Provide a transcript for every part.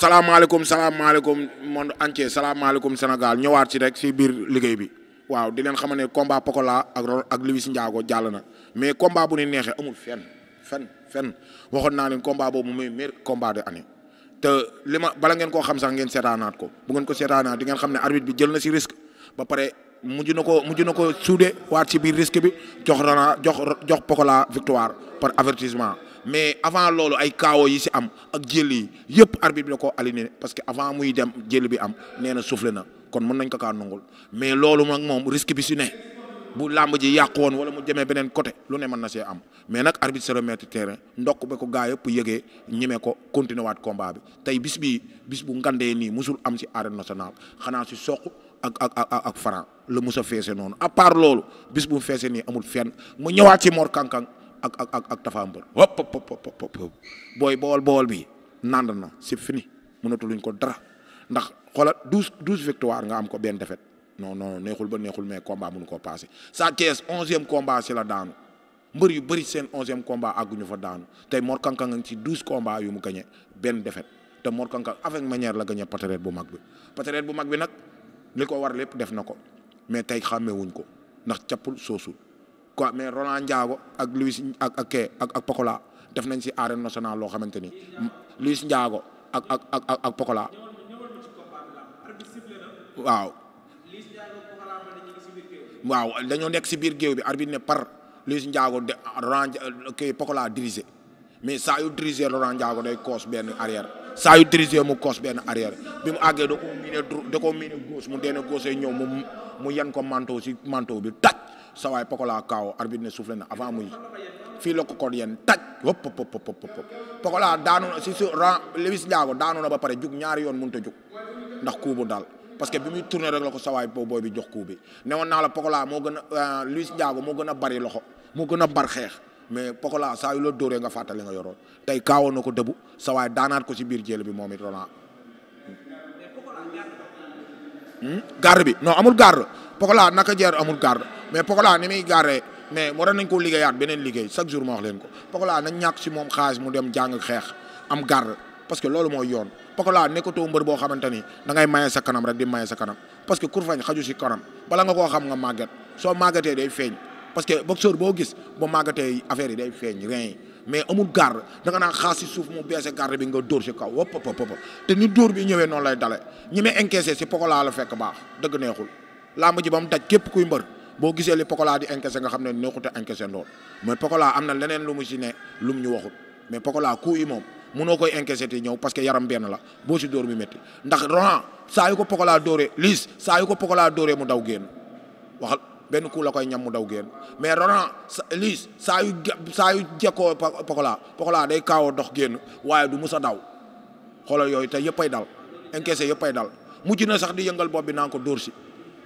salaamaaleykum salaamaaleykum monde entier salaamaaleykum Sénégal ñëwaat ci rek si biir liggéey bi waaw di leen xam ne combat Pokola ak ak Liss Ndiago jàll na mais combat bu ni neexee amul fen fen fen waxoon naa leen combat boobu mooy meilleur combat de année te li ma bala ngeen ko xam sax ngeen seetaanaat ko bu ngeen ko seetaanaat di ngeen xam ne arbitre bi jël na si risque ba pare mujj na ko mujj na ko suude waat si biir risque bi jox na jox jox Pokola victoire par avertissement. mais avant loolu ay kaawo yi si am ak jël yi yëpp arbitre bi da ko aligné parce que avant muy dem jël bi am nee na soufflé na kon mën nañ ko kaa nangul mais loolu nag moom risque bi si ne bu làmb ji yàq woon wala mu demee beneen côté lu ne mën na see am mais nag arbitre se remettre terrain ndokk ba ko gaa yëpp yëgee ñemee ko continuer waat combat bi tey bis bi bis bu ngandee nii musul am si arène national xanaa si soq ak ak ak ak Franc la mus feese noonu à part loolu bis bu mu nii amul fenn mu ñëwaat si Mor Kankang ak ak ak ak Tapha Mbeur hop hop hop hop booy bool bool bi nand na c'est fini mënatuluñ ko dara ndax xoolal douze douze victoire nga am ko benn défaite non non neexul ba neexul mais combat mënu koo passé Sa Thiès onzième combat si la daanu mbër yu bëri seen onzième combat aguñu fa daanu tey Mor Kanka nga ci douze combats yu mu gagné benn défaite te Mor Kanka avec manière la gagné patriote bu mag bi patriote bu mag bi nag li ko war lépp def na ko mais tey xàmmewuñ ko ndax cappul soosul quoi mais Roland njaago ak Louis ak ak Kee ak Pokola def nañ si arène nationale loo xamante ni Louis Ndiago ak ak ak Pokola waaw. waaw dañoo nekk si biir géew bi arbitre ne par Louis njaago de Roland kii Pokola dirigé mais saa yu dirigé Roland Ndiago day koos benn arrière saa yu dirigé mu koos benn arrière bi mu àggee da koo miine da mu deen gauche ñëw mu mu yan ko manteau si manteau bi taj. sa waay Pokola kaaw arbitre ne soufflé na avant muy fii la ko ko yéen taj wëpp wëpp wëpp Pokola daanu na si si ren Lewis Ndiago daanu na ba pare jug ñaari yoon mënut a jug ndax kuubu daal parce que bi muy tourne rek la ko sawaay booy bi jox kuu bi ne woon moo gën a euh, Lewis Ndiago moo gën a bari loxo moo gën a bar xeex mais Pokola saa yu la dóoree nga fàttali nga yoroon tey kaawoon na ko dëbu sa waay daanaat ko si biir jéel bi moom it Roland hmm? garde bi no amul garde Pokola naka jeer amul garde mais Pokola ni muy garé mais waroon nañ koo liggéeyaat beneen liggéey chaque jour ma wax leen ko Pokola nañ ñàkk si moom xaalis mu dem jàng xeex am garre parce que loolu mooy yoon Pokola nekkatoo mbër boo xamante ni da ngay maye sa kanam rek di maye sa kanam parce que kurfañ xaju si kanam bala nga koo xam nga màgget soo màggatee day feeñ parce que boxeur boo gis ba màggatee affaire yi day feeñ rien yi mais amul garde da nga naan xaas si suuf mu beese garde bi nga dóor si kaw wop pop bi ñëwee noonu lay dale ñi may encaissé si Pokola la fekk baax dëgg neexul làmb ji ba mu daj képp kuy mbër boo gisee li Pokola di encaissé nga xam ne neexut a encaissé ndool mais Pokola am na leneen lu mu si ne lu mu ñu waxut mais Pokola coup yi moom mënoo koy encaissé te ñëw parce que yaram benn la boo si dóor bi métti ndax Laurent saa yu ko Pokola dóoree liis saa yu ko Pokola doore mu daw génn waxal benn coup la koy ñam mu daw génn mais Laurent liis saa yu saa yu jekkoo Pokola Pokola day kaawoo dox génn waaye du mus a daw xoolal yooyu te yëppay dal encaissé yëppay dal mujj na sax di yëngal bopp bi naa ko dóor si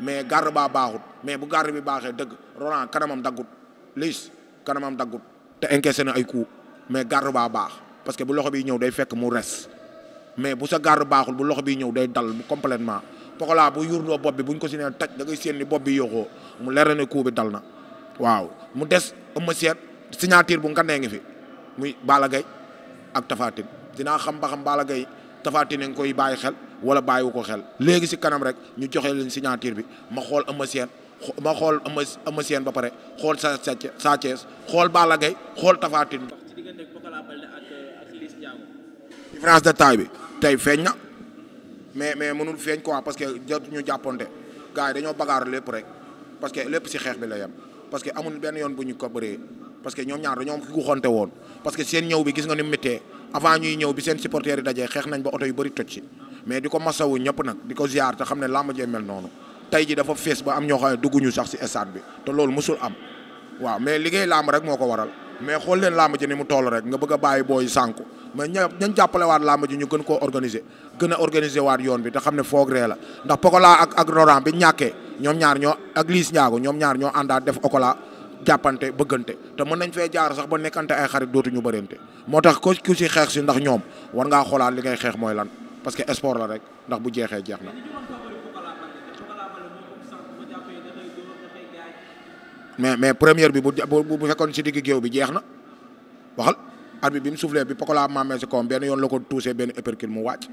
mais garde baa mais bu garde bi baaxee dëgg Roland kanamam daggut Liss kanamam daggut te encaissé na ay coups mais garde baa baax parce que bu loxo bi ñëw day fekk mu res mais bu sa garde baaxul bu loxo bi ñëw day dal complètement Pokola bu yurloo bopp bi buñ ko si nee taj da séen ni bopp bi yoxoo mu leer ne coup bi dal na waaw mu des Eumeu Sène signature bu ngandee ngi fi muy baala gay ak Tapha Tine dinaa xam ba xam Balla Gaye Tapha Tine koy bàyyi xel wala bàyyiwu ko xel léegi si kanam rek ñu joxe leen signature bi ma xool Eumeu Sène ma xool ama Sène ba pare xool sa Sa Thiès xool Balla Gaye xool Tapha Tine différence de taille bi tey feeñ na mais mais mënul feeñ quoi parce que jotuñu jàppante gars yi dañoo bagaar lépp rek parce que lépp si xeex bi la yem parce que amul benn yoon bu ñu ko bëree parce que ñoom ñaar dañoo guxonte woon parce que seen ñëw bi gis nga ni méttee avant ñuy ñëw bi seen supporters yi dajee xeex nañ ba oto yu bëri toj ci mais di ko wu ñëpp nag di ko ziar te xam ne làmb jee mel noonu tey jii dafa fees ba am ñoo xam dugguñu sax si stade bi te loolu mosul am waaw mais liggéey làmb rek moo ko waral mais xool leen làmb ji ni mu toll rek nga bëgg a booy sànku mais ña ñañ jàppale waat ñu gën koo organiser gën a waat yoon bi te xam ne foog ree la ndax Pokola ak ak Laurent bi ñàkkee ñoom ñaar ñoo ak Liis ñoom ñaar ñoo àndaat def Pokola jàppante bëggante te mën nañ fee jaar sax ba nekkante ay xarit dootuñu bërante moo tax ko ku si si ndax war ngaa xoolaat li ngay xeex mooy lan parce que sport la rek ndax bu jeexee jeex na mais mais première bi bu bu fekkoon ci digg géew bi jeex na waxal arbitre bi mu soufflé bi Pokola maamee si kawam benn yoon la ko touché benn uppercut mu wàcc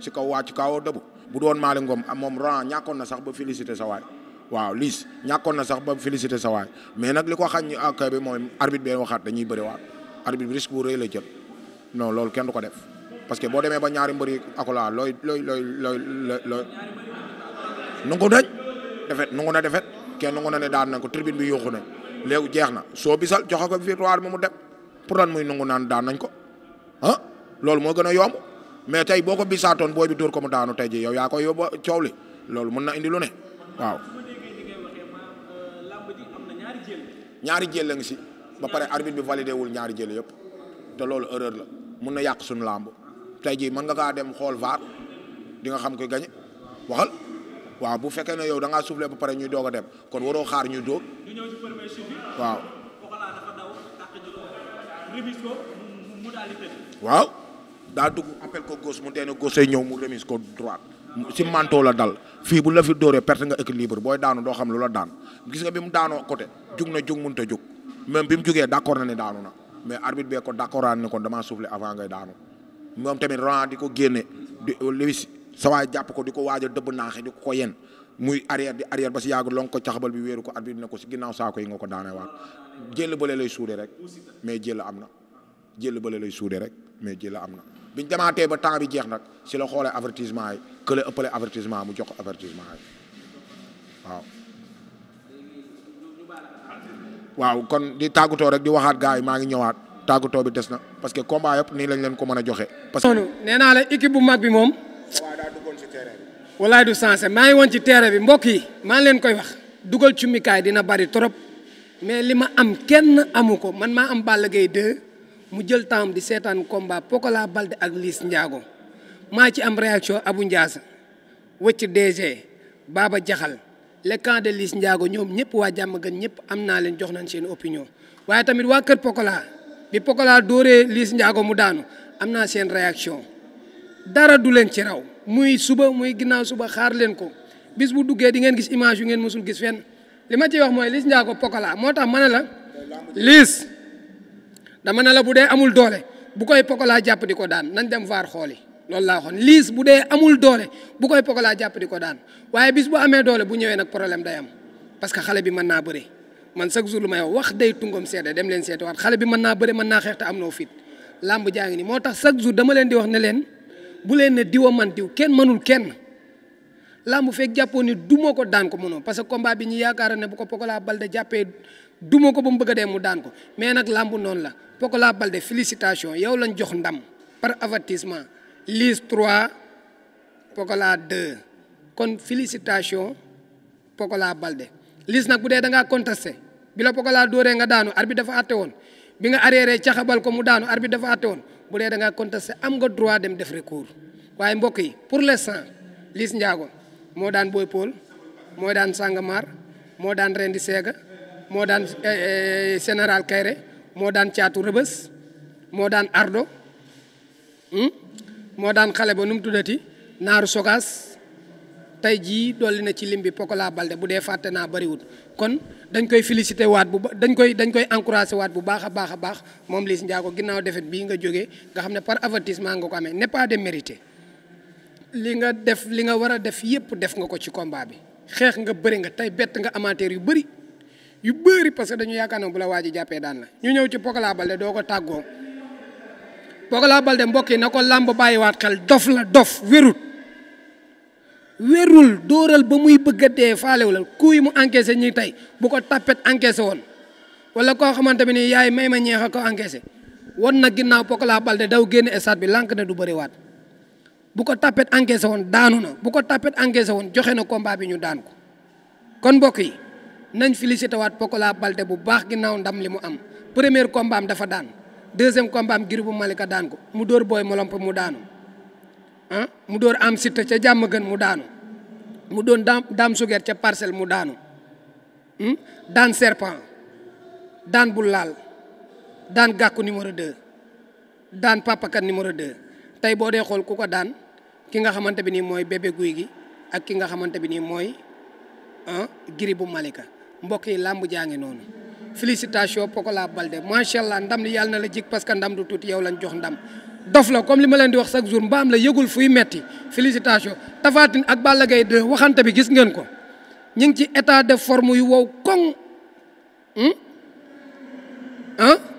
si kaw wàcc kaawoo dëbb bu doon maali ngoom ah, moom ran ñàkkoon na sax ba félicité sa waay waaw liis ñàkkoon na sax ba félicité sa mais nag li ko xañ ak bi mooy arbitre bi waxaat dañuy bëri waat arbitre risque bu rëy la jël non loolu kenn du ko def parce que boo demee ba ñaari mbëri Pokola looy looy looy looy looy. nu ngu nañ defet nu kenn nangu na ne daan na ko tribune bi yóoxu na léegi jeex na soo bisal joxe ko victoire bi mu dem pour lan muy nangu naan daan nañ ko ah loolu moo gën a yomb mais tey boo ko bisaatoon boo bi dóor ko mu daanu tey ji yow yaa koy yóbbu coow li loolu mën na indi lu ne waaw. ñaari jël la ngi si ba pare arbitre bi validé wul ñaari jël yëpp te loolu erreur la mun na yàq suñ làmb tey jii mën nga kaa dem xool vaar di nga xam koy gañe waxal. waaw bu fekkee ne yow da ngaa soufflé ba pare ñuy doog a dem kon waroo xaar ñu doo waaw. Pokola dafa daw mu daal di tëdd. daa dugg appel ko gauche mu teene gauche ñëw mu remise ko droite. si manto la dal fii bu la fi perte nga équilibre booy daanu doo xam lu la daan gis nga bi mu daanoo côté jug na jug mënut a jug même bi mu jugee d' accord na ne daanu na mais arbitre bee ko d' accord ne kon damaa soufflé avant ngay daanu moom tamit ran di ko génne di sa jàpp ko di ko waaj a dëbb naaxe di ko ko yen muy arrière di arrière ba si yàgg lon ko caxabal bi wéeru ko at bi ne ko si ginnaaw saako yi nga ko daane waat jël bële lay suude rek mais jël am na jël bële lay suude rek mais jël am na biñ demaatee ba temps bi jeex nag si la xoolee avertissement yi kële ëppale avertissement mu jox ko yi waaw waaw kon di tàggatoo rek di waxaat gaa yi maa ngi ñëwaat tàggatoo bi des na parce que combat yëpp nii lañ leen ko mën a joxe. parce que bu mag bi moom. walaay du sensé maa ngi woon ci terrain bi mbokk yi maa ngi leen koy wax dugal ci mikaay dina bari trop mais li ma am kenn amu ko man maa am ball Gaye 2 mu jël temps di seetaan combat Pokola Balde ak liis njaago maa ci am réaction abu Abou Ndiass ci DG Baba Jaxal le de Liss njaago ñoom ñëpp waa jàmm gën ñëpp am naa leen jox nañ seen opinion waaye tamit waa kër Pokola bi Pokola dóoree Liss Ndiago mu daanu am naa seen réaction dara du leen ci raw muy suba muy ginnaaw suba xaar leen ko bis bu duggee di ngeen gis image yu ngeen mosul gis fenn li ma ciy wax mooy Liss Ndiago Pokola moo tax ma ne la Liss dama ne la bu dee amul doole bu koy Pokola jàpp di ko daan nañ dem vaar xooli loolu laa waxoon Liss bu dee amul doole bu koy Pokola jàpp di ko daan waaye bis bu amee doole bu ñëwee nag problème day am parce que xale bi mën naa bëri man chaque jour lu may wax day tungam seede dem leen seete waat xale bi naa bëri mën naa xeex te am noo fit làmb jaa ngi ni moo tax chaque jour dama leen di wax ne bu leen ne diwa man diw kenn mënul kenn làmb fekk jàppoon ni duma ko daan ko mënoo parce que combat bi ñu yaakaar ne bu ko Pokola Balde jàppee duma ko ba mu bëgg a dee mu daan ko mais nag làmb noon la Pokola Balde félicitation yow lañ jox ndam par avertissement Liss trois Pokola 2 kon félicitation Pokola Balde Liss nag bu dee da ngaa contesté bi la Pokola dóoree nga daanu arbitre bi dafa àtte woon bi nga arrière caxabal ko mu daanu ar bi dafa àtte woon bu dee da ngaa contesté am nga droit dem def recours waaye mbokk yi pour l'instant lis Ndiago moo daan Boy Paul moo daan Sangomar moo daan Rendi seega moo daan sénéral eh, eh, Kayre moo daan caatu Rëbës moo daan Ardo hmm? moo daan xale ba nu mu tuddati Naaru Sogaas tey jii dolli na ci lim bi Pokola Balde bu dee fàtte naa bëriwul kon dañ koy félicité waat bu ba dañ koy dañ koy encouragé waat bu baax a baax a baax moom Liss Ndiago ginnaaw defet bii nga jógee nga xam ne par avertissement nga ko amee n'est pas de mérité li nga def li nga war a def yëpp def nga ko ci combat bi xeex nga bëri nga tey bett nga amateur yu bëri yu bëri parce que dañu yaakaar ne bu la waa ji jàppee daan la ñu ñëw ci Pokola Balde doo ko tàggoo Pokola mbokk na ko làmb bàyyiwaat xel dof la dof wérut wérul dóoral ba muy bëgg a dee faalewu la kuy mu encaissé ñii tey bu ko tapet encaissé woon wala koo xamante bi ni yaay may ma ñeex a ko encaissé won na ginnaaw Pokola Baldé daw génn stade bi lànk ne du waat bu ko tapet encaissé woon daanu na bu ko tapet encaissé woon joxe na combat bi ñu daan ko kon mbokk yi nañ félicité waat Pokola Baldé bu baax ginnaaw ndam li mu am première combat dafa daan deuxième combat am Gris bu Malika daan ko mu dóor booy molomp mu daanu ah mu dóor am ca jàmm gën mu daanu mu doon daam daam sugeer ca parcelle mu daanu hmm? daan serpent daan bu laal daan gàkku numéro de daan papakat numéro de tey boo dee xool ku ko daan ki nga xamante bi nii mooy bébé guy gi ak ki nga xamante bi nii mooy ah giri bu malika mbokk yi làmb jaa ngi noonu félicitation Pokola Balde macha allah ndam li yàlla na la jik parce que ndam du tuuti yow lañ jox ndam dof la comme li ma leen di wax chaque jour mbaam la yëgul fuy metti félicitation Tapha Tine ak Balla Gaye 2 waxante bi gis ngeen ko ñu ngi ci état de forme yu wow koŋ ah hmm?